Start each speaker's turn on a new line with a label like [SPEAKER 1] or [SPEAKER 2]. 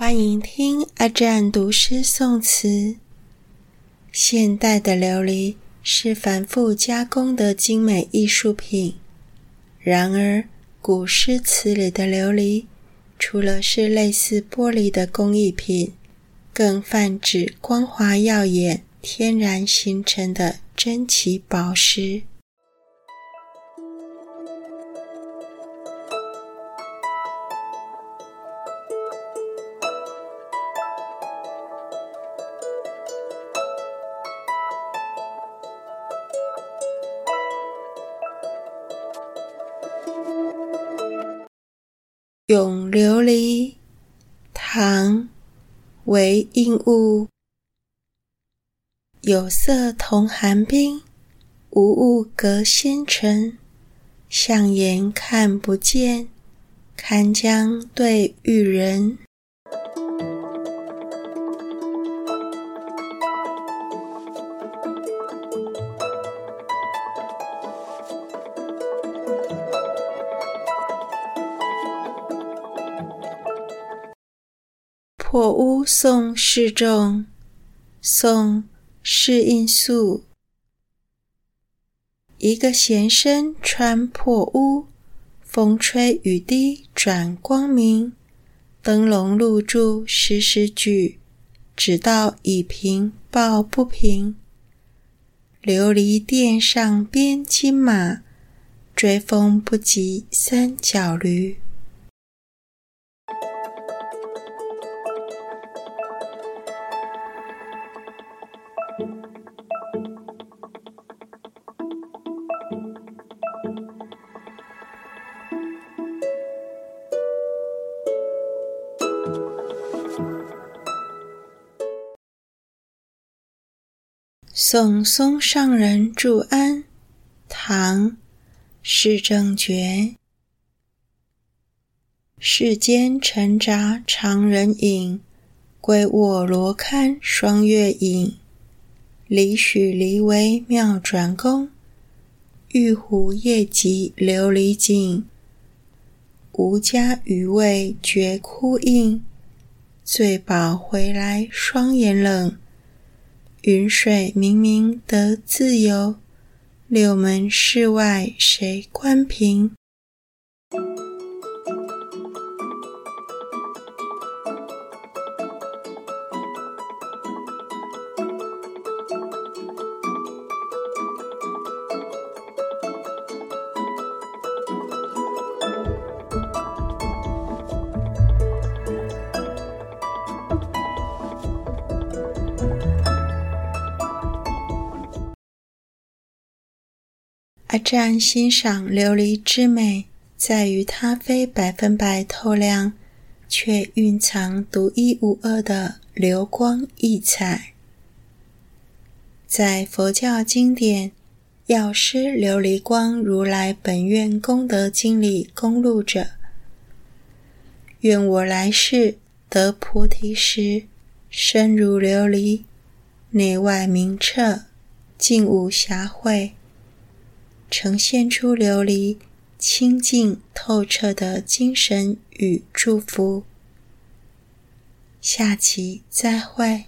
[SPEAKER 1] 歡迎聽阿占讀詩誦詞。現代的琉璃是反覆加工的精美藝術品，然而古詩詞裡的琉璃，除了是類似玻璃的工藝品，更泛指光滑耀眼、天然形成的珍奇寶石。詠琉璃，唐·韋應物。有色同寒冰，無物隔纖塵。象筵看不見，堪將對玉人。破屋頌示眾，宋釋印肅。一個閒身穿破屋，風吹雨滴轉光明。燈籠露柱時時舉，只道以平報不平。琉璃殿上鞭金馬，追風不及三腳驢。送嵩上人住庵，唐，釋正覺。世間塵雜長人癭，歸臥羅龕霜月影。里許離微妙轉功，玉壺夜汲琉璃井。吾家語味嚼枯硬，醉飽回來雙眼冷。雲水明明得自由，六門事外誰關屏？阿占、啊、欣賞琉璃之美，在於它非百分百透亮，卻蘊藏獨一無二的流光溢彩。在佛教經典《藥師琉璃光如來本願功德經》裡，恭錄著：“願我來世得菩提時，身如琉璃，內外明徹，淨無瑕穢。”呈現出琉璃清淨透徹的精神與祝福。下期再會。